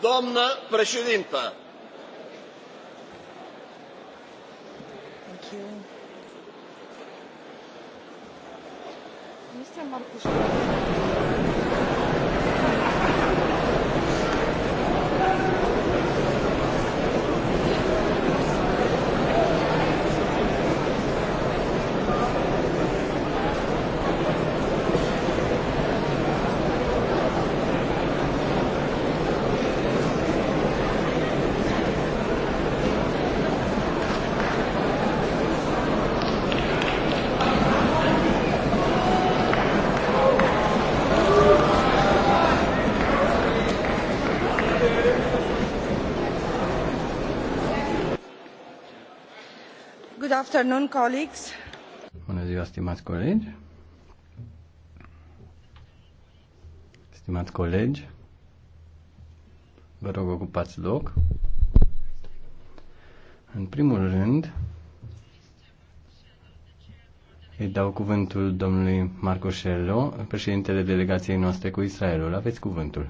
Doamnă președintă! Mr. Marcus. Good afternoon, colleagues. Bună ziua, stimați colegi. Stimați colegi, vă rog ocupați loc. În primul rând, îi dau cuvântul domnului Marco Șelo, președintele delegației noastre cu Israelul. Aveți cuvântul.